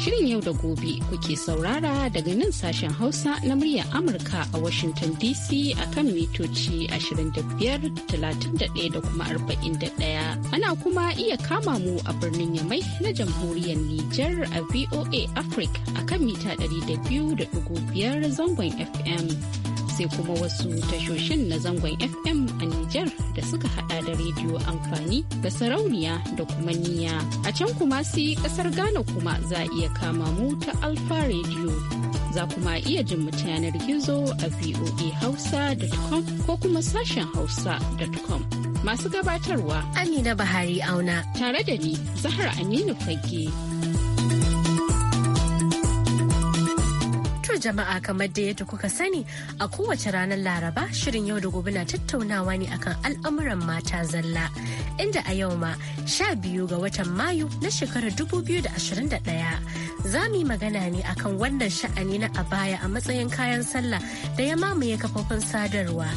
Shirin yau da gobe kuke saurara daga nan sashen Hausa na muryar Amurka a Washington DC a kan mitoci 25, 31 da kuma 41. Ana kuma iya kama mu a birnin Yamai na jamhuriyar Nijar a VOA Africa a kan mita 200.5 zangon FM. sai kuma wasu tashoshin na zangon FM a Nijar da suka hada da rediyo amfani da sarauniya da kuma niya. A can kuma sai kasar Ghana kuma za a iya kama mu ta Alfa Radio. Za kuma iya jin mu yanar gizo a voa voahausa.com ko kuma sashen hausa.com. Masu gabatarwa Amina Bahari Auna. Tare da ni Zahra Aminu Fage. jama'a kamar da yadda kuka sani a kowace ranar Laraba shirin yau da gobe na tattaunawa ne akan al'amuran mata zalla. Inda a yau ma sha biyu ga watan Mayu na shekarar ɗaya za mu yi magana ne akan wannan sha'ani na abaya a matsayin kayan sallah da ya mamaye kafofin sadarwa.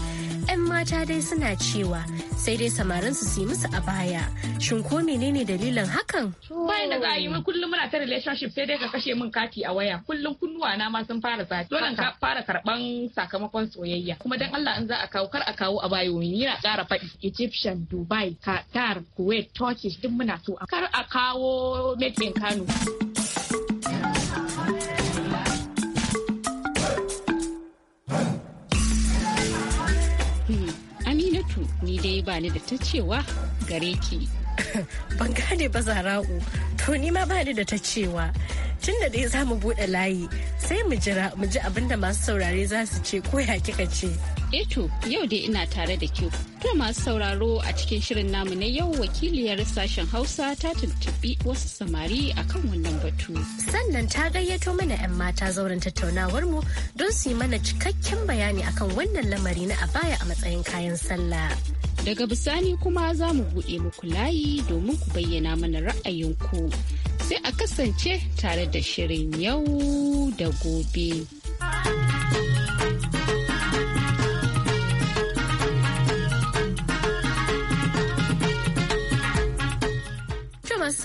'yan mata dai suna cewa sai dai samarin su yi musu a baya shin ko menene dalilin hakan bayan da za a yi mai kullum muna ta relationship sai dai ka kashe min kati a waya kullum kunnuwa na ma sun fara zafi dole ka fara karban sakamakon soyayya kuma dan Allah in za a kawo kar a kawo a bayo ni yana ƙara faɗi Egyptian Dubai Qatar Kuwait Turkish duk muna so kar a kawo made in Kano dai ba ni da ta cewa gare ki. ban gane ba zara'u to ni ma ba da ta cewa tun da dai za mu buɗe layi sai mu jira mu ji abin da masu saurare za su ce ko ya kika ce. Eto eh yau dai ina tare da ke to masu sauraro a cikin shirin namu na yau wakiliyar sashen Hausa ta tuntubi wasu samari akan wannan batu. Sannan ta gayyato mana 'yan mata zauren tattaunawar mu don su yi mana cikakken bayani akan wannan lamari na abaya a matsayin kayan sallah. Daga bisani kuma za mu buɗe muku layi domin ku bayyana mana ra'ayinku. Sai a kasance tare da shirin yau da gobe.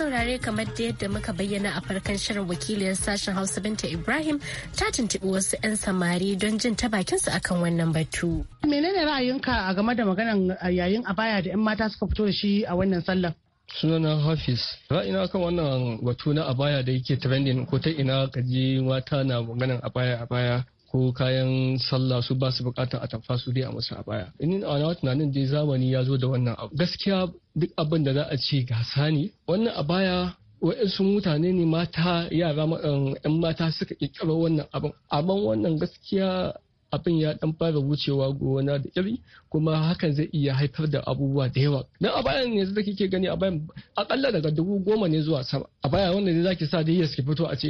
saurare kamar da yadda muka bayyana a farkon shirin wakiliyar sashen Hausa Binta Ibrahim ta tuntuɓi wasu 'yan samari don jin ta bakinsu akan wannan batu. Menene ra'ayinka a game da maganan yayin a baya da 'yan mata suka fito da shi a wannan sallar? sunana hafiz ra'ina kan wannan batu na abaya da yake trending ko ta ina kaji mata na maganan abaya abaya ko kayan sallah su ba su bukatar tafa su dai a masu a baya in a tunanin dai zamani ya zo da wannan abu gaskiya duk abin da za a ce gasa ne wannan a baya wa'insu mutane ne mata yara yan um, mata suka kirkira wannan abin amma wannan gaskiya abin ya dan fara wucewa gona da iri kuma hakan zai iya haifar da abubuwa da yawa dan a bayan ne kike gani a bayan akalla daga dubu goma ne zuwa sama a baya wanda zaki sa dai ya fito a ce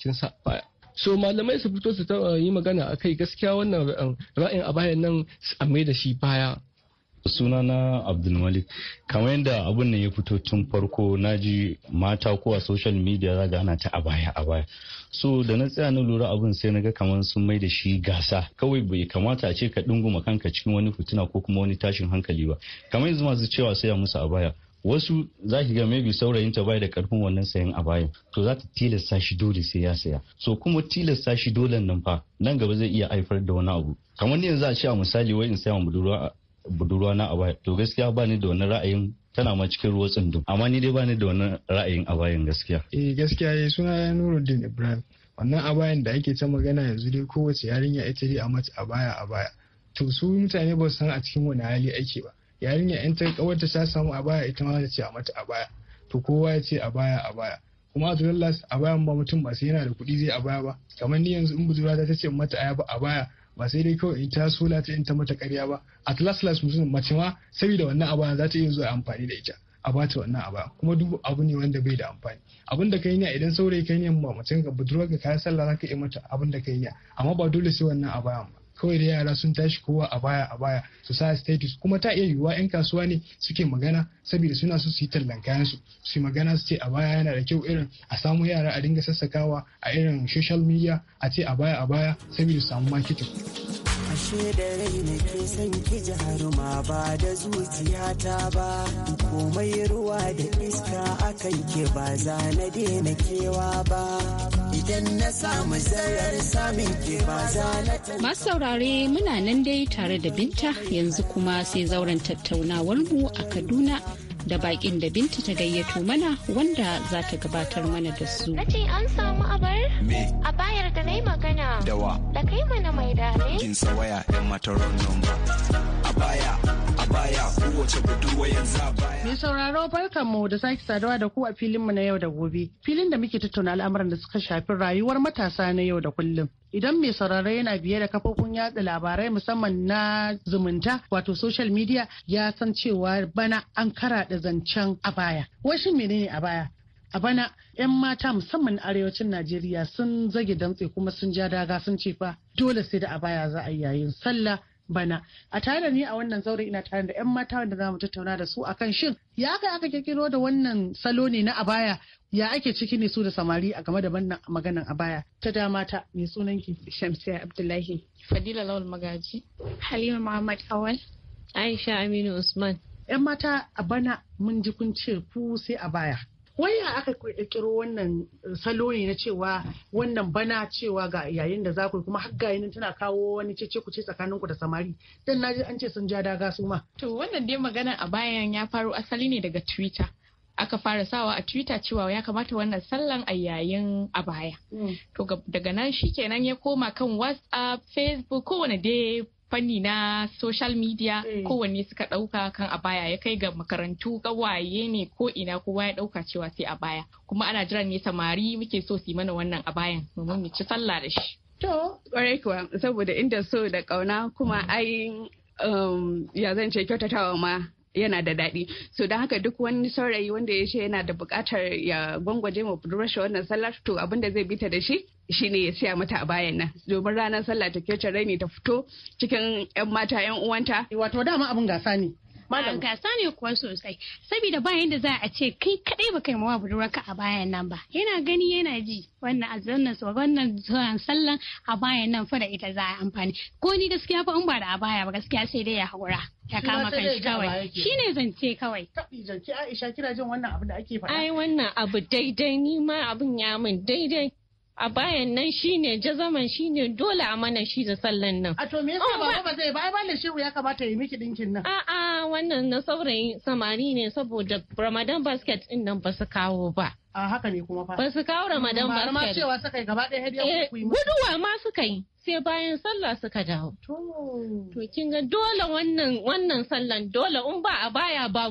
kin sa baya so malamai su fito su uh, yi magana a kai gaskiya wannan ra'ayin a bayan nan a mai da shi baya suna na abdulmalik kamar yadda abun nan ya fito tun farko naji mata ko a social media za ga ana ta a baya a baya so da na tsaya na lura abun sai na ga kamar sun mai da shi gasa kawai bai kamata a ce ka dungu kanka cikin wani fitina ko kuma wani tashin hankali ba kamar yanzu masu cewa sai a musu a baya wasu za ki ga saurayin ta bai da karfin wannan sayan bayan to za ta tilasta shi dole sai ya saya so kuma tilasta shi dole nan fa nan gaba zai iya haifar da wani abu kamar ni yanzu a ce a misali wai in saya budurwa na bayan to gaskiya ba ni da wani ra'ayin tana ma cikin ruwa tsundum amma ni dai ba ni da wani ra'ayin abayan gaskiya eh gaskiya ya eh, suna Nuruddin Ibrahim wannan abayan da ake ta magana yanzu dai kowace yarinya ita dai a mace a abaya to su mutane ba su san a cikin wani hali ake ba yarinya in ta kawarta ta samu a baya ita ma ta ce a mata a baya to kowa ya ce a baya a baya kuma a las a bayan ba mutum ba sai yana da kuɗi zai a baya ba kamar ni yanzu in budurwa ta ce mata aya ba a baya ba sai dai kawai in ta sola ta in ta mata karya ba a las mutum mace ma saboda wannan a baya za ta iya zuwa amfani da ita a bata wannan a baya kuma duk abu ne wanda bai da amfani abin da kai ne idan saurayi kai ne ma mutum ga budurwa ga kayan sallah za ka iya mata abin da kai ne amma ba dole sai wannan a baya ba kawai da yara sun tashi kowa a baya a baya su sa status kuma ta iya yiwuwa yan kasuwa ne suke magana saboda suna so su yi tallan kayan su su magana su ce a baya yana da kyau irin a samu yara a dinga sassakawa a irin social media a ce a baya a baya saboda su samu marketing ashe da rai ke san ki jaruma ba da zuciyata ba komai ruwa da iska akan ke ba za na daina kewa ba idan na samu zarar samun ke ba za na masu saurare muna nan dai tare da binta yanzu kuma sai zauren tattaunawar mu a kaduna da bakin da binta ta gayyato mana wanda za ta gabatar mana da su. Na an samu abar? Me? A bayar da na magana. Dawa. Da kai mana mai dare. Kin sawaya ɗan mataron nomba. A baya, Mai sauraro barkan mu da sake saduwa da ku a filinmu na yau da gobe. Filin da muke tattauna al'amuran da suka shafi rayuwar matasa na yau da kullum. idan mai sauraro yana biye da kafofin yada labarai musamman na zumunta wato social media ya san cewa bana an da zancen a baya washin menene a baya a bana 'yan mata musamman arewacin najeriya sun zage dantse kuma sun ja daga sun ce fa dole sai da a baya za a yi yayin sallah bana a tare da ni a wannan zaure ina tare da 'yan mata wanda za mu tattauna da su akan shin ya kai aka kirkiro da wannan salo ne na a baya? ya ake ciki ne su da samari a game da wannan maganan a baya ta dama ta mai sunanki shamsiya abdullahi fadila lawal magaji halima muhammad awal aisha aminu usman yan mata a bana mun ji kun ce ku sai a baya waya aka kirkiro wannan salo ne na cewa wannan bana cewa ga yayin da za ku kuma har gayin tana kawo wani cece ku ce tsakanin ku da samari dan naji an ce sun ja daga su ma to wannan dai maganan a bayan ya faru asali ne daga twitter aka fara sawa a twitter cewa ya kamata wannan sallan a yayin a baya mm. to daga nan shi shikenan ya koma kan whatsapp facebook kowane dai fanni na social media mm. kowanne suka dauka kan a baya ya kai ga makarantu gawaye ne ko ina kowa ya dauka cewa sai a baya kuma ana jiran ne samari muke so su mana wannan a bayan domin mu ci sallah da shi. To, ƙwarai kuwa saboda inda so da kauna kuma mm. ai um, ya zan ce kyautatawa ma yana da daɗi so don haka duk wani saurayi wanda ya ce yana da buƙatar ya gwangwaje ma budurarsa wannan sallar to abin da zai bita da shi shine ya siya mata a bayan nan domin ranar sallah ta kece raini ta fito cikin yan mata yan uwanta wato dama abin gasa ne malam gasa ne kuwa sosai saboda ba yanda za a ce kai kadai ba kai mawa budurwarka a bayan nan ba yana gani yana ji wannan azannan su wannan zuwan sallan a bayan nan fa da ita za a amfani ko ni gaskiya fa in ba da a baya ba gaskiya sai dai ya haƙura ya kama kan shi kawai shi ne zance kawai zance Aisha kina jin wannan abu da ake faɗa ai wannan abu daidai ni ma abin ya min daidai a bayan nan shine jazaman shine dole a mana shi da sallan nan. A to me yasa oh, baba ba zai bai bane shehu ya kamata yi miki dinkin nan. A'a wannan na saurayin samari ne saboda Ramadan basket din nan ba su kawo ba. A haka ne kuma fa. Ba su kawo Ramadan basket. Ma cewa suka yi gaba ɗaya hadiya eh, ku yi. Guduwa ma suka yi. sai bayan sallah suka dawo. To kin ga dole wannan wannan sallan dole in ba a baya ba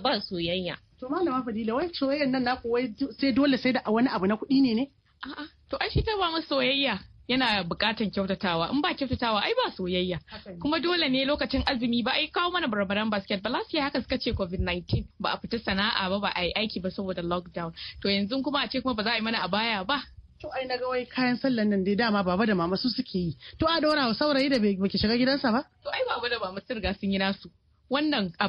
ba soyayya. To malama Fadila wai soyayyan nan naku wai sai dole sai da wani abu na kuɗi ne ne? A'a, to ai shi ta ba mu soyayya. yana bukatan kyautatawa in ba kyautatawa ai ba soyayya kuma dole ne lokacin azumi ba ai kawo mana barbaran basket ba lafiya haka suka ce covid-19 ba a fita sana'a ba ba a yi aiki ba saboda lockdown to yanzu kuma a ce kuma ba za a yi mana a baya ba to ai naga wai kayan sallan nan dai dama baba da mama su suke yi to a dora wa saurayi da baki shiga gidansa ba to ai baba da mama sun riga sun yi nasu wannan a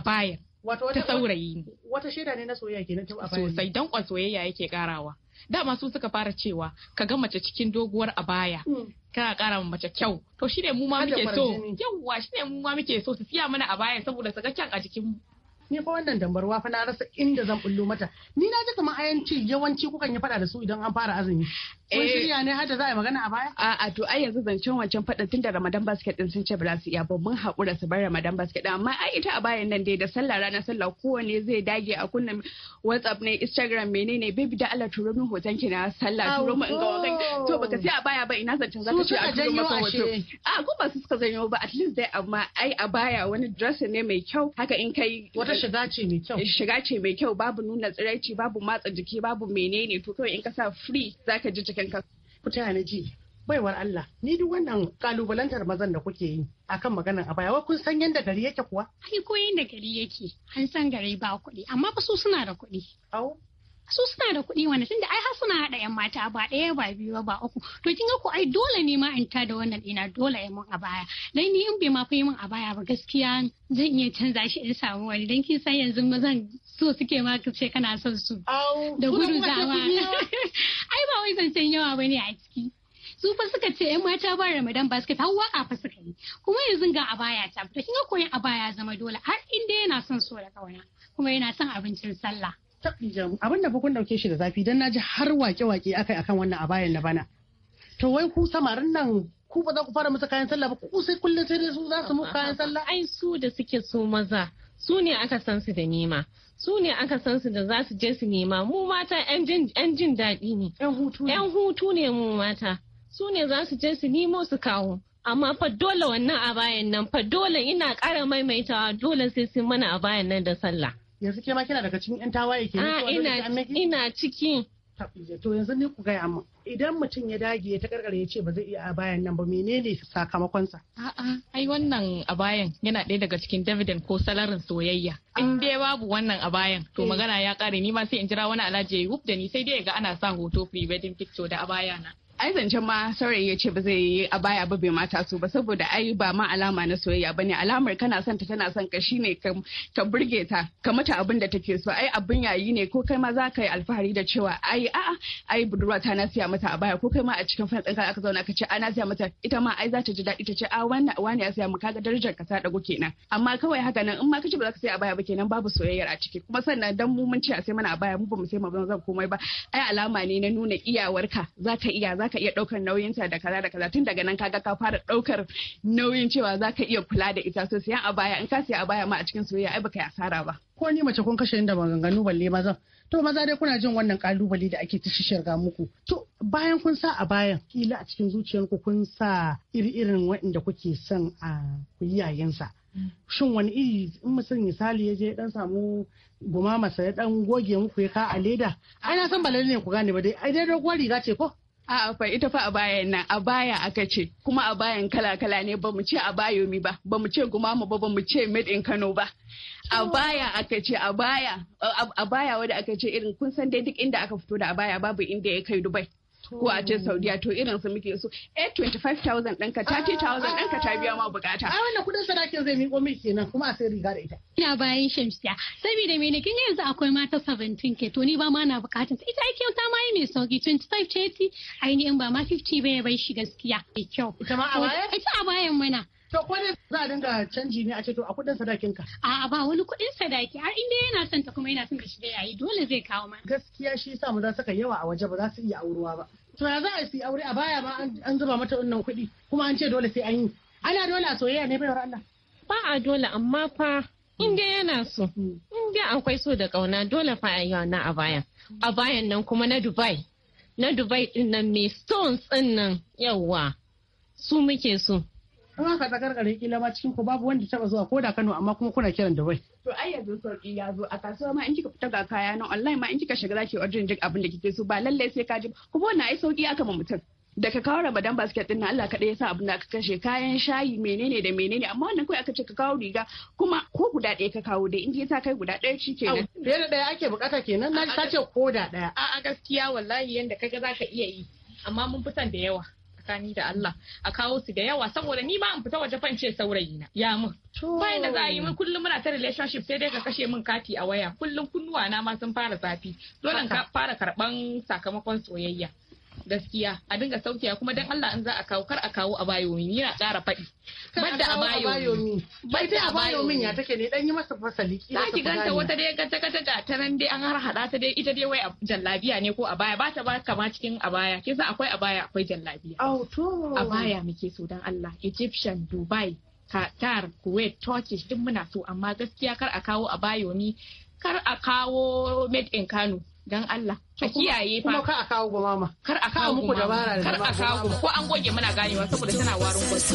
wato ta saurayi wata shaida ne na soyayya kenan a baya sosai dan soyayya yake karawa dama su suka fara cewa ka ga mace cikin doguwar a baya hmm. kana kara ma mace kyau to shine mu ma muke so yawwa shine mu ma muke so su siya mana a baya saboda su ga kyan a jikin mu ni fa wannan dambarwa fa na rasa inda zan bullo mata ni na ji kamar ayanci yawanci kukan yi fada da su idan an fara azumi Kun eh. shirya ne har za a yi magana a baya? A'a to ai yanzu zancen wancan faɗin tun da Ramadan basket din sun ce ba za su iya ba mun haƙura su bar Ramadan basket din amma ai ita a bayan nan dai da sallah ranar sallah kowane zai dage a kunnan WhatsApp ne Instagram menene baby da Allah turo min hoton ki na sallah turo min ga wannan to baka sai a baya ba ina zancen za ka ce a turo maka hoto. A ko ba su suka janyo ba at least dai amma ai a baya wani dress ne mai kyau haka in kai wata shiga ce mai kyau. Eh, shiga ce mai kyau babu nuna tsiraici babu matsa jiki babu menene to kawai in ka sa free zaka ji sarkin kan fita na ji baiwar Allah ni duk wannan kalubalantar mazan da kuke yi akan maganar a baya kun san yadda gari yake kuwa ai ko yanda gari yake an san gari ba kuɗi amma ba su suna da kuɗi au su suna da kuɗi wanda tunda ai har suna haɗa yan mata ba ɗaya ba biyu ba uku to kin ga ku ai dole ne ma in ta da wannan ina dole ya mun a baya dai ni in bai ma yi mun a baya ba gaskiya zan iya canza shi in samu wani dan kin san yanzu mazan so suke ma ce kana son su da gudu zawa ai ba wai san yawa bane a ciki su fa suka ce yan mata ba Ramadan ba suka har waka fa suka yi kuma yanzu ga abaya ta fita kin ga koyi abaya zama dole har inda yana son so da kauna kuma yana son abincin sallah abin da kun dauke shi da zafi dan naji har wake-wake akai akan wannan abayan na bana to wai ku samarin nan ku ba za ku fara musu kayan sallah ba ku sai kullum sai su za su muku kayan sallah ai su da suke so maza su ne aka san su da nema su ne aka san su da za su je su nema mu mata 'yan jin daɗi ne 'yan hutu ne mu mata su ne za su je su nemo su kawo amma fa dole wannan a bayan nan fa dole ina ƙara maimaitawa dole sai sun mana a bayan nan da sallah yanzu ke ma kina daga cikin yan tawaye ke ina ina cikin to yanzu ni ku gaya min idan mutum ya dage ta karkare ya ce ba zai iya a bayan nan ba menene sakamakonsa a'a ai wannan a bayan yana ɗaya daga cikin dividend ko salarin soyayya ah. in dai babu wannan a bayan to eh. magana ya kare ni ma sai in jira wani alaji ya wuf da ni sai dai ga ana sa hoto pre wedding picture da a baya na ai zancen ma saurayin ya ce ba zai yi a baya ba bai mata su ba saboda ai ba ma alama na soyayya bane alamar kana son ta tana son ka shine ka burge ta ka mata abin da take so ai abin yayi ne ko kai ma za ka yi alfahari da cewa ai a ai budurwa ta na siya mata a baya ko kai ma a cikin fan ɗinka aka zauna ka ce a na siya mata ita ma ai za ta ji daɗi ta ce a wannan wani ya siya mu kaga darajar ka ta dago kenan amma kawai haka nan in ma kace ba za ka siya a baya ba kenan babu soyayyar a ciki kuma sannan dan mu mun ce a sai mana a baya mu ba mu sai mu zan komai ba ai alama ne na nuna iyawarka za ka iya zaka iya daukar nauyin ta da kaza da kaza tun daga nan kaga ka fara ɗaukar nauyin cewa zaka iya kula da ita so siyan a baya in ka siya a baya ma a cikin soyayya ai baka yi asara ba ko ni mace kun kashe inda maganganu balle mazan to maza dai kuna jin wannan kalubale da ake ta shirga muku to bayan kun sa a bayan kila a cikin zuciyarku kun sa iri-irin waɗanda kuke son a ku yayansa shin wani iri in mutum misali ya je dan samu guma masa dan goge muku ya ka a leda ai na san ne ku gane ba dai ai dai riga ce ko A'a fa ita fa a bayan nan a baya aka ce kuma a bayan kala-kala ne ba mu ce a bayomi ba ba mu ce gumamu ba ba mu ce made in Kano ba. A baya aka ce a baya a baya wanda aka ce irin kun san dai duk inda aka fito da a baya babu inda ya kai Dubai. ko a ce saudiya to irin su muke so eh 25,000 ɗanka 30,000 ɗanka ta biya ma bukata a wannan kudin sadakin zai miƙo min kenan kuma a sai riga da ita ina bayan shamsiya saboda me ne kin yanzu akwai mata 17 ke to ni ba ma na bukatun ita ai ta ma yi mai sauki 25 ce ti ainihin ba ma 50 bai bai shi gaskiya mai kyau ita ma ita a bayan mana To ko ne za a dinga canji ne a ce to a kuɗin sadakin ka? A'a ba wani kuɗin sadaki har inda yana son ta kuma yana son ka shiga yayi dole zai kawo ma. Gaskiya shi sa mu za suka yawa a waje ba za su iya aurewa ba. To ya za a yi aure a baya ma an zuba mata wannan kuɗi kuma an ce dole sai an yi. Ana dole a soyayya ne baiwar Allah. Ba a dole amma fa in dai yana so. Hmm. In dai akwai so da ƙauna dole fa a yi wannan a baya. A bayan nan kuma na Dubai. na Dubai ɗin nan mai stones ɗin nan yawwa su muke so in aka karkare kila ma cikin ku babu wanda taba zuwa ko da Kano amma kuma kuna kiran Dubai to ai yanzu sauki ya zo a kasuwa ma in kika fita ga kaya na online ma in kika shiga zaki ordering duk abin da kike so ba lalle sai ka ji kuma wannan ai sauki aka ma mutum da ka kawo ramadan basket din Allah kaɗai ya sa abin da aka kashe kayan shayi menene da menene amma wannan kawai aka ce ka kawo riga kuma ko guda ɗaya ka kawo dai in ya sa kai guda ɗaya ke nan. fiye da ɗaya ake bukata kenan na ta ce ko da ɗaya a'a gaskiya wallahi yanda kaga zaka iya yi amma mun fi da yawa tsakani da Allah a kawo su da yawa saboda ni ba in fita waje fance saurayi na ya mun bai da za a yi min kullum muna ta relationship sai dai ka kashe mun kati a waya kullum kunnuwa na ma sun fara zafi dole ka fara karban sakamakon soyayya gaskiya a dinga saukiya kuma dan Allah in za a kawo kar a kawo a min yana ƙara faɗi Kar a bayomi badda a min ya take ne dan yi masa fasali za ki ganta wata dai ganta taka ta nan dai an har harhaɗa ta dai ita dai wai jallabiya ne ko a baya ba ta ba kama cikin a baya kisa akwai a baya akwai jallabiya a baya muke so dan Allah Egyptian Dubai Qatar, Kuwait, Turkish duk muna so amma gaskiya kar a kawo a bayo ni kar a kawo made in Kano. dan Allah a kiyaye fa kuma kar a kawo mama. kar a kawo muku dabara kar a kawo ko an goge muna ganewa saboda tana warin gwaji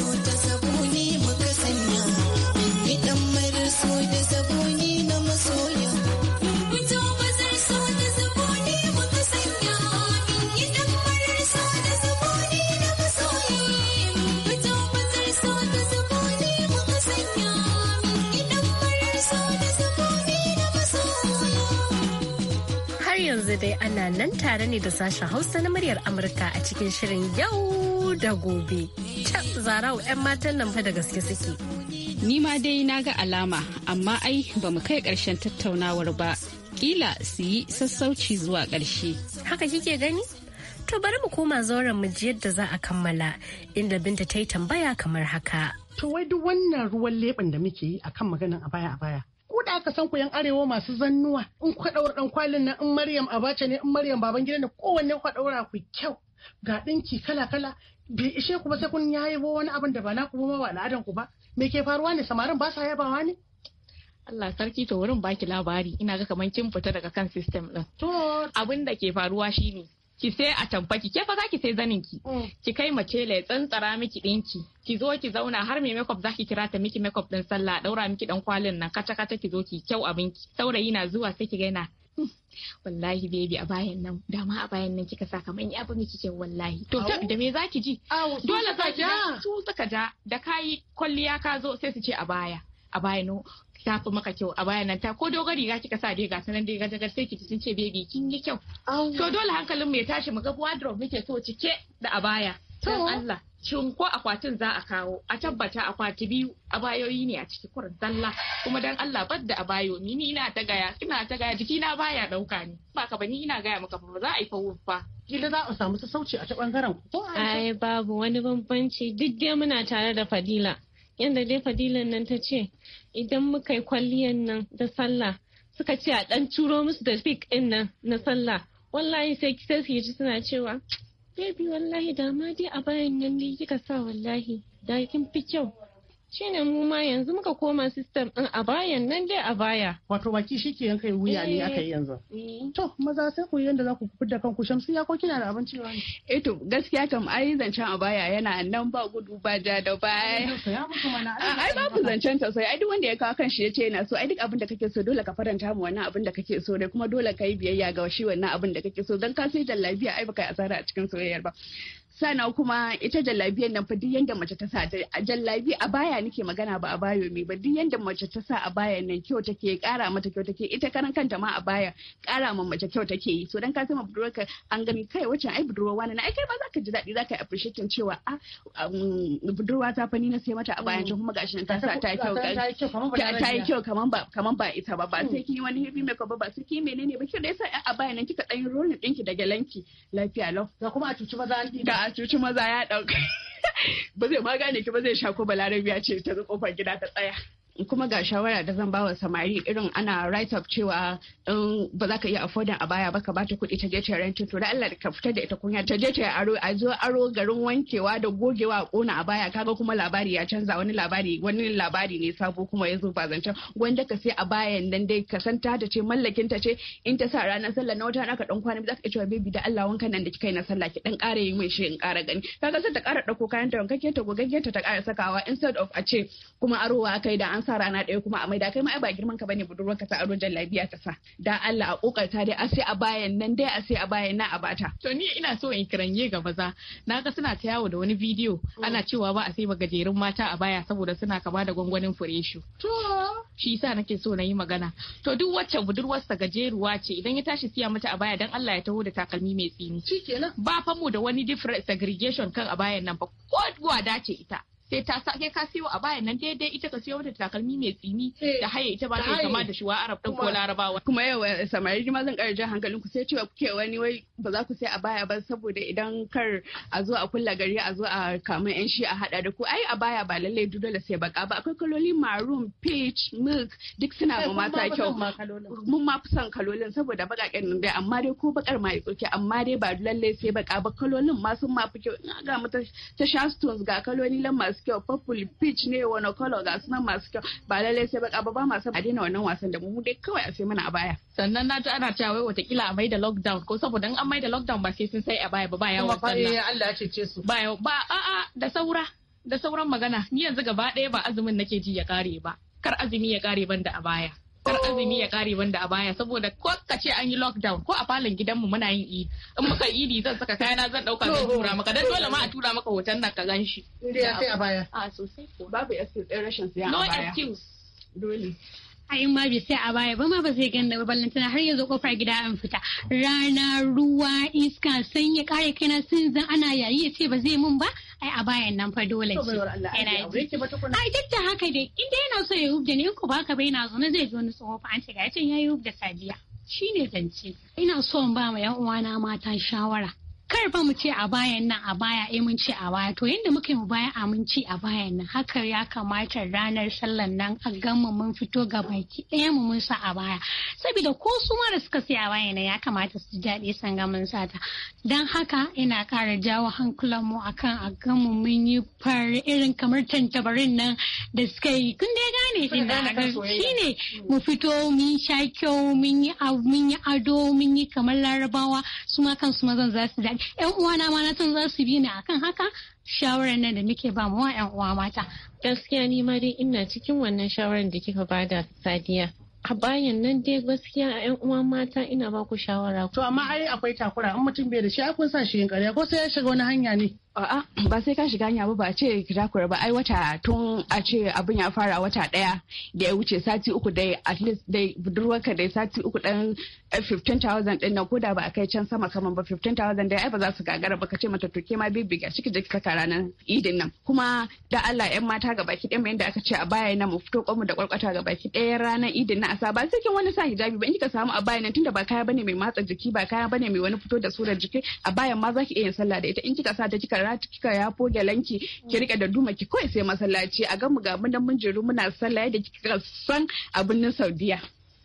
yanzu dai ana nan tare ne da sashen Hausa na muryar Amurka a cikin shirin yau da gobe. Cap zarau 'yan matan nan fa da gaske suke. Ni ma dai na ga alama, amma ai ba mu kai ƙarshen tattaunawar ba. Kila su yi sassauci zuwa ƙarshe. Haka kike gani? To bari mu koma zauren mu ji yadda za a kammala inda Binta ta yi tambaya kamar haka. To wai duk wannan ruwan leɓen da muke yi akan maganan a baya a baya. ku da aka san ku yan arewa masu zannuwa in ku daura dan kwalin na in Maryam Abacha ne in Maryam Babangida ne kowanne ku daura ku kyau ga dinki kala kala bai ishe ku ba sai kun yayi bo wani abin da ba na ku ba ba al'adan ku ba me ke faruwa ne samarin ba sa yabawa ne Allah sarki to wurin baki labari ina ga kaman kin fita daga kan system din. To abin da ke faruwa shine ki sai a tamfa ki za ki sai zanin ki mm. ki kai mace la tsantsara miki dinki ki zo ki zauna har mai makeup zaki kira ta miki makeup din sallah daura miki dan kwalin nan kata kata ki zo ki kyau abin ki saurayi na zuwa sai ki ga yana hmm, wallahi baby a bayan nan dama a bayan nan kika sa kaman ya miki wallahi to da me zaki ji dole zaki su suka ja da kayi kwalliya ka zo sai su ce a baya a baya ta fi maka kyau a bayan nan ta ko dogon riga kika sa dai gasu nan dai ga daga sai kici sun ce baby kin yi kyau to dole hankalin mu ya tashi mu ga wardrobe muke so cike da abaya dan Allah shin ko akwatin za a kawo a tabbata akwati biyu abayoyi ne a ciki kurin zalla kuma dan Allah bar da abayo ni ni ina ta gaya ina ta gaya jiki na baya dauka ni ba ka bani ina gaya maka ba za a yi fawo fa kila za a samu sassauci a ta bangaren ko ai babu wani bambanci duk dai muna tare da fadila yadda dai fadilan nan ta ce idan muka yi kwalliyan nan da sallah suka ce a dan turo musu da fik din nan na sallah wallahi sai sai su ji suna cewa baby wallahi da dai a bayan nan ne kika sa wallahi da kin fi kyau ne mu ma yanzu muka koma system din a bayan nan dai a baya wato baki ke yanka wuya ne aka yi yanzu eh. to maza sai ku yanda za ku da kanku ya ko kina da abinci cewa ne eh to gaskiya kam ai zancen a baya yana nan ba gudu ba ja da baya ai ah, ba ku zancen ta sai ai duk wanda ya kawo kan shi ya ce yana so ai duk abin da kake so dole ka faranta mu wannan abin da kake so dai kuma dole ka yi biyayya ga shi wannan abin da kake so dan ka sai da lafiya ai baka asara a cikin soyayyar ba sana kuma ita jallabiyan nan fa duk yanda mace ta sa a jallabi a baya nake magana ba a bayo me ba duk yanda mace ta sa a baya nan kyau take kara mata kyau take ita karan kanta ma a baya kara ma mace kyau take yi so dan ka sama budurwarka an gani kai wacce ai budurwa wani na ai kai ba za ka ji daɗi za ka yi appreciating cewa a ah, um, budurwa ta fani na sai mata a baya kuma gashi nan ta sa ta kyau ta yi kyau kaman ba kaman ba ita ba ba hmm. sai kin yi wani heavy makeup ba ba sai kin menene ba kyau da yasa a baya nan kika dan rolling ɗinki da gelanki lafiya lau da kuma a cuci maza cuci maza ya ɗauka ba zai ma ki ba zai sha ko balarabi ce ta kofar gida ta tsaya kuma ga shawara da zan bawa samari irin ana write up cewa in ba za ka iya afodin a baya ba ka bata kuɗi ta je ta rentin to da Allah ka fita da ita kunya ta je ta aro a zo aro garin wankewa da gogewa a kona a baya kaga kuma labari ya canza wani labari wani labari ne sabo kuma ya zo ba zancen wanda ka sai a baya nan dai ka san ta ce mallakin ta ce in ta sa ranar sallah na wata rana ka dan kwana za ka cewa baby da Allah wankan nan da kika yi na sallah ki dan ƙara yi mai shi in ƙara gani kaga sai ta ƙara dauko kayan ta wankakke ta gogaggenta ta ƙara sakawa instead of a ce kuma arowa kai da an sa rana ɗaya kuma a maida kai ma ai ba girman ka bane budurwar ka ta aro jallabiya ta sa da Allah a kokarta dai a sai a bayan nan dai a sai a bayan nan a bata to ni ina so in kiranye ga maza na ga suna ta yawo da wani bidiyo mm. ana cewa ba a sai ba gajerun mata a baya saboda suna kama da gwangwanin fureshu to shi yasa nake so na yi magana to duk wacce budurwar sa gajeruwa ce idan ya tashi siya mata a baya dan Allah ya taho da takalmi mai tsini shikenan ba famu da wani different segregation kan a bayan nan ba ko dace ita sai ta sake ka siyo a bayan nan daidai ita ka siyo mata takalmi mai tsini eh, da haye ita ba ta kama da shuwa arab din ko larabawa kuma yau eh, samari ma zan ƙara jan hankalin ku sai cewa kuke wani wai ba za ku sai a baya ba saboda idan kar a zo a kulla gari a zo a kama yan shi a hada da ku ai a baya ba lallai dole sai baka ba akwai kaloli maroon peach milk duk suna ba eh, mata kyau mun ma fi son kalolin saboda bakaken nan dai amma dai ko bakar ma ya tsoke amma dai ba lallai sai baka ba kalolin ma sun ma fi kyau ga mata ta sha stones ga kaloli lan masu kyau purple peach ne wani color ga sunan masu kyau ba lallai sai baka ba masu a daina wannan wasan da mu dai kawai a sai mana a baya sannan na ji ana cewa wai watakila a mai da lockdown ko saboda an mai da lockdown ba sai sun sai a baya ba ba yawan sannan eh, Allah ya cece su ba ba a da saura da sauran magana ni yanzu gaba ɗaya ba azumin nake ji ya kare ba kar azumi ya kare ban da a baya kar oh. azumi ya kare wanda a baya saboda ko ka ce an yi lockdown ko a falon gidanmu muna yin idi in muka idi zan saka kayana zan dauka zan tura maka dan dole ma a tura maka hoton nan ka ganshi. shi. Inda ya sai a baya. A ah, sosai babu excuse ɗin rashin siya a baya. No excuse. Dole. a in ma bi sai a baya ba ma ba zai ganda ba ballantana har yanzu kofar gida an fita rana ruwa iska sanya kare kaina sun zan ana yayi ya ce ba zai mun ba ai a bayan nan fa dole ce ai duk da haka dai inda yana so ya hubda ne in ko baka bai na zo na zai zo ni tsoho fa an ce ga ya yayi hubda sadiya shine zance ina so in ba ma yan uwana mata shawara kar ba mu ce a bayan nan a baya eh mun ce a baya to yadda muka mu baya a mun ce a bayan nan haka ya kamata ranar sallan nan a gama mun fito ga baki ɗaya mu mun sa a baya saboda ko su ma da suka sai a bayan nan ya kamata su daɗe san ga mun sa ta dan haka ina ƙara jawo hankulan mu akan a gama mun yi fara irin kamar tantabarin nan da suka yi kun dai gane din da shine mm. mu fito mun sha kyau mun yi ado mun yi kamar larabawa su ma kansu mazan za su daɗi yan uwana ma na san za su bi ni akan haka shawarar nan da muke ba mu yan uwa mata gaskiya ni ma dai ina cikin wannan shawarar da kika bada sadiya a bayan nan dai gaskiya a yan uwa mata ina ba ku shawara to amma ai akwai takura an mutum bai da shi ai kun shi yin karya ko sai ya shiga wani hanya ne A'a ba sai ka shiga hanya ba ba ce kura ba ai wata tun a ce abin ya fara wata daya da ya wuce sati uku dai at least dai budurwarka dai sati uku dan 15,000 din nan koda ba a kai can sama kaman ba 15,000 dai ai ba za su gagara ba ka ce mata to ke ma bibi ga shiki da kika ranar idin nan kuma da Allah yan mata ga baki ɗaya da aka ce a baya nan mu fito kwamu da kwalkwata ga baki ɗaya ranar idin na asa ba sai kin wani sa hijabi ba in kika samu a baya nan tunda ba kaya bane mai matsa jiki ba kaya bane mai wani fito da surar jiki a bayan ma za ki iya yin sallah da ita in kika sa ta kika yara kika ya po lanki ki rike da duma ki kawai sai masallaci a ga mu nan mun jiru muna sallah da kika san abin nan Saudiya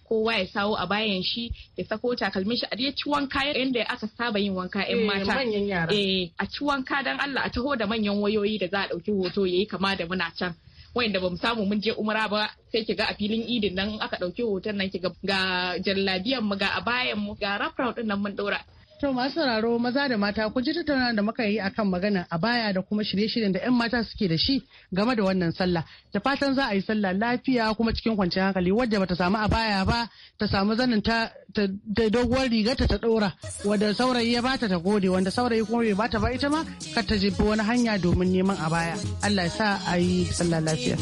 kowa ya sawo a bayan shi ya sako takalmin shi a dai ci wanka yadda aka saba yin wanka yan eh, mata eh, a ci wanka dan Allah a taho da manyan wayoyi da za a dauki hoto yayi kama da muna can ba bamu samu mun je umra ba sai kiga a filin idin nan aka dauki hoton nan kiga ga jallabiyan mu ga abayan mu ga rafraud din nan mun daura To masu sauraro maza da mata kunci ji tattauna da muka yi akan magana a baya da kuma shirye-shiryen da 'yan mata suke da shi game da wannan sallah. Da fatan za a yi sallah lafiya kuma cikin kwanciyar hankali wadda bata samu a baya ba ta samu zanin ta da doguwar riga ta ɗora wanda saurayi ya bata ta gode wanda saurayi kuma bai bata ba ita ma kar ta jefi wani hanya domin neman a baya. Allah ya sa a yi sallah lafiya.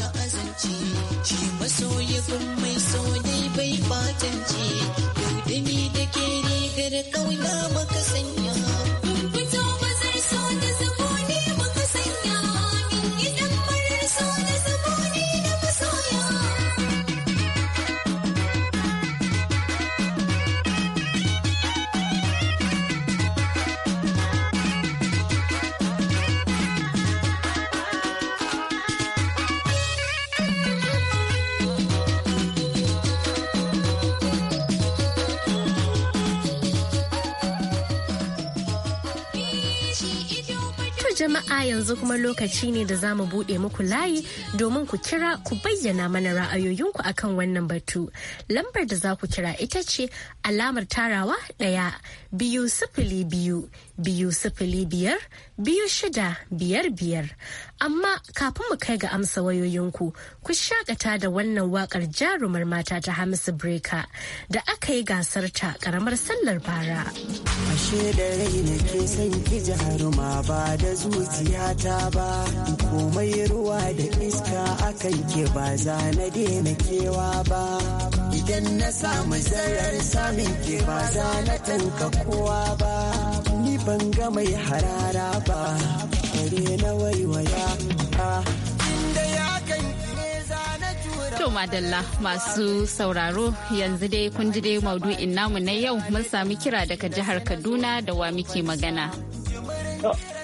Masoyi kuma mai bai fatan ƙaunar maka jama'a yanzu kuma lokaci ne da za mu buɗe muku layi domin ku kira ku bayyana mana ra'ayoyinku akan wannan batu. Lambar da za ku kira ita ce alamar tarawa ɗaya biyu sifili biyu biyu sifili biyar biyu shida biyar biyar. Amma kafin mu kai ga amsa wayoyinku ku shakata da wannan wakar jarumar mata ta Hamisu Breka da aka yi gasar ta ƙaramar sallar bara. yaushe da rai ke san ki jaruma ba da zuciyata ba komai ruwa da iska akan ke ba za na daina kewa ba idan na samu zarar samun ke ba za na tanka kowa ba ni ban ga mai harara ba kare na waiwaya To madalla masu sauraro yanzu dai kun ji dai maudu'in namu na yau mun sami kira daga jihar Kaduna da wa muke magana.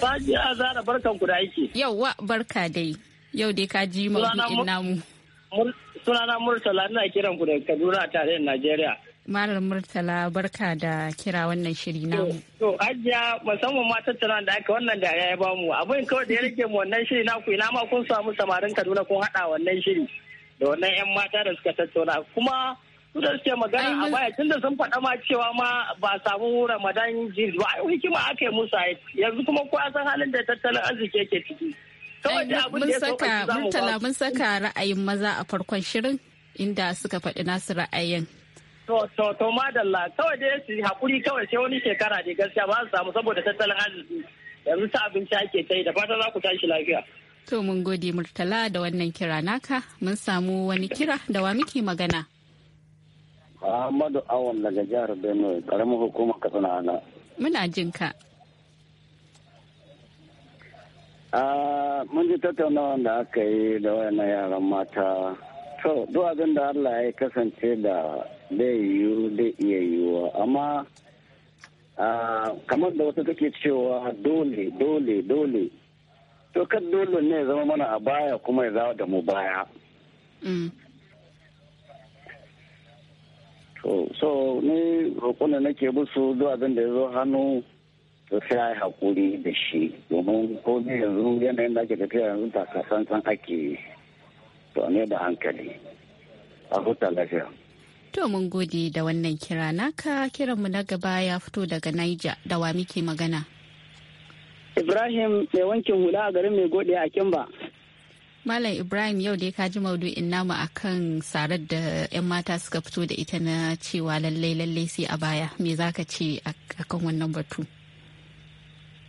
Sajiya zara barkan ku da aiki. yau wa barka dai. Yau dai ka ji maudu'in namu. Sunana Murtala ina kiran ku da Kaduna a tarayyar Najeriya. Marar Murtala barka da kira wannan shiri namu. To ajiya musamman ma tattauna da aka wannan da ya bamu abin kawai da ya rike mu wannan shiri naku ina ma kun samu samarin Kaduna kun haɗa wannan shiri. da wannan 'yan mata da suka tattauna kuma su da suke magana a baya tun da sun faɗa ma cewa ma ba samu ramadan jins ba hikima aka yi musa yanzu kuma a san halin da tattalin arziki yake ciki Murtala mun saka ra'ayin maza a farkon shirin inda suka faɗi nasu ra'ayin. To, to, madalla, kawai dai su haƙuri kawai sai wani shekara ne gaskiya ba su samu saboda tattalin arziki yanzu ta abinci ake ta yi da fata za ku tashi lafiya. To mun gode Murtala da wannan kira naka mun samu wani kira da wa muke magana. Ahmadu Awon daga jihar Benue karamin hukumar Katsina ana. Muna jin ka. Ah, mun ji tattaunawa da aka yi da wayannan yaran mata. To, duk abin da Allah ya kasance da zai yiwu da iya yiwuwa. Amma ah, kamar da wata take cewa dole, dole, dole. to kan dole ne ya zama mana a baya kuma ya zawa da mu baya mm. so ni roƙon da nake musu zuwa zan da ya zo hannu to sai ya yi haƙuri da shi domin ko ne yanzu yanayin da ake tafiya yanzu ta san ake to ne da hankali a huta lafiya. To mun gode da wannan kira naka kiranmu na gaba ya fito daga Niger da wa muke magana. Ibrahim mai wankin hula a garin mai gode a Kimba. Malam Ibrahim yau dai ka ji maudu'in namu kan sarar da 'yan mata suka fito da ita na cewa lallai lallai sai a baya me za ka ce akan wannan batu?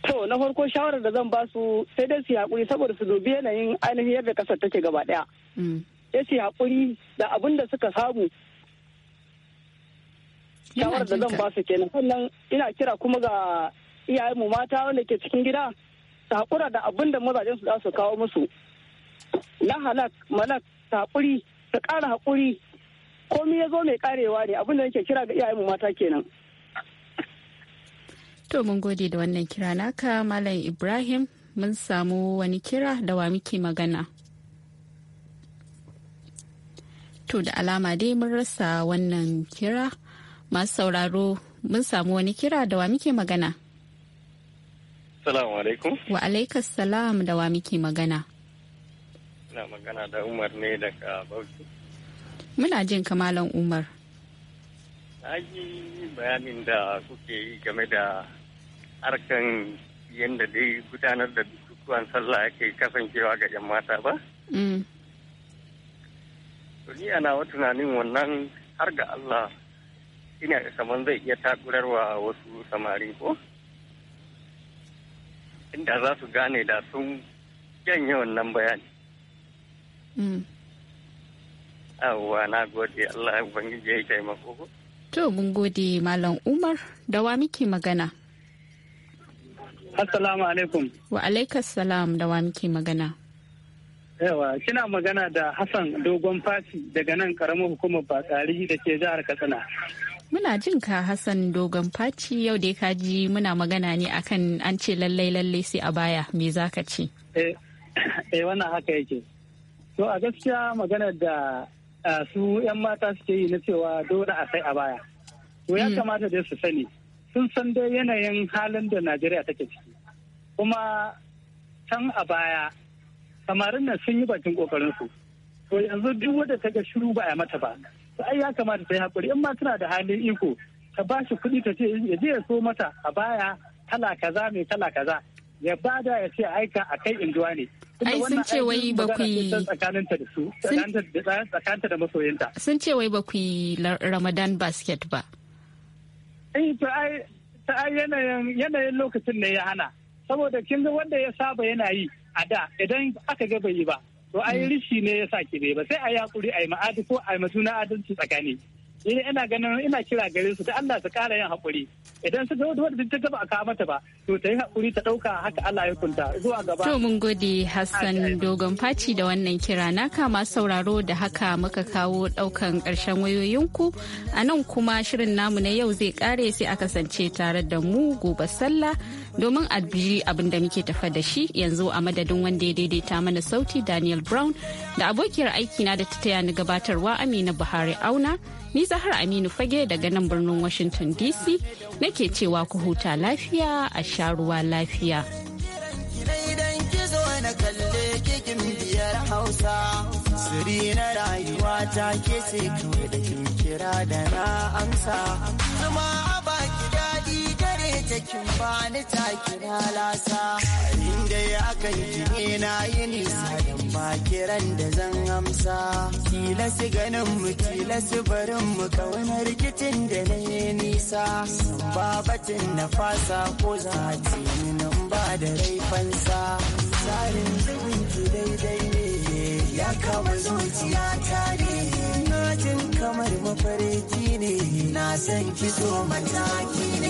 To na farko shawarar da zan ba su sai dai su haƙuri saboda su dubi yanayin ainihin yadda kasar take gaba ɗaya. Ya mm. su haƙuri da abin da suka samu. Shawarar da zan ba su kenan sannan ina kira kuma ga mu mata wanda ke cikin gida ta haƙura da abin da mazajen su za su kawo musu na halak malak ta haƙuri ta ƙara haƙuri komi ya zo mai ƙarewa ne abin da nake kira ga mu mata kenan. To mun gode da wannan kira naka Malam Ibrahim mun samu wani kira da wa muke magana. To da alama dai mun rasa wannan kira masu sauraro mun samu wani kira da wa muke magana. Assalamu alaikum. Wa alaikas salam da wa muke magana. Ina magana da Umar ne daga Bauchi. Muna jin kamalan Umar. Na ji bayanin da kuke yi game da harkan yadda dai gudanar da dukkan sallah yake kasancewa ga 'yan mata ba? Mm. ni ana wa tunanin wannan har ga Allah ina da saman zai iya takurarwa wasu samari ko? inda za su gane da sun janye wannan bayani. Mm. Yawwa na gode Allah Ubangiji ya taimako. To mun gode Malam Umar da wa muke magana. Assalamu alaikum. Wa alaikas salam da wa muke magana. Yawa kina magana da Hassan Dogon Fati daga nan karamar hukumar Batsari da ke jihar Katsina. Muna jin ka Hassan Dogon Faci yau dai ka ji muna magana ne akan an ce lallai lallai sai a baya me za ka ce? Eh, eh wannan haka yake. To a gaskiya magana da su 'yan mata suke yi na cewa dole a sai a baya. To ya mm. kamata dai su sani sun san dai yanayin halin da Najeriya take ciki. Kuma can a baya samarin nan sun yi bakin su To yanzu duk wanda ta ga shiru ba a mata ba. ai ya kamata ta yi haƙuri in ma tana da halin iko ta ba shi kuɗi ta ce ya je ya so mata a baya kala kaza mai kala kaza ya bada ya ce aika a kai injuwa ne ai sun ce wai ba ku tsakaninta da su sun ce wai ba ku ramadan basket ba eh ai ta ai yanayin yanayin lokacin ne ya hana saboda kin ga wanda ya saba yana yi a da idan aka ga bai yi ba to ai hmm. rishi ne ya sa kire ba sai a yakuri a yi ma'adi ko a yi masuna adalci tsakani ni eh, ina ganin ina kira gare su ta Allah su kara yin hakuri idan su ga wadda ta taba aka mata ba to ta yi hakuri ta dauka haka Allah ya kunta zuwa gaba to mun gode Hassan Dogon Faci da wannan kira na kama sauraro da haka muka kawo daukan karshen wayoyinku a nan kuma shirin namu na yau zai kare sai a kasance tare da mu gobe sallah domin a abin da muke tafa da shi yanzu a madadin wanda ya daidaita mana sauti Daniel Brown da abokiyar aikina da ta taya ni gabatarwa Amina Buhari Auna ni Zahar Aminu Fage daga nan birnin Washington DC nake cewa ku huta lafiya a sha ruwa lafiya. Siri na rayuwa ta ke kawai da kira da na amsa. kin bani taki na lasa inda ya kan kine na yi nisa don ba kiran da zan amsa kila su ganin mu kila su barin mu kauna rikicin da na yi nisa ba batin na fasa ko za a ce nan ba da rai fansa tsarin zubin ki daidai ne ya kama zuciya ta ne na jin kamar mafariki ne na san ki so mataki ne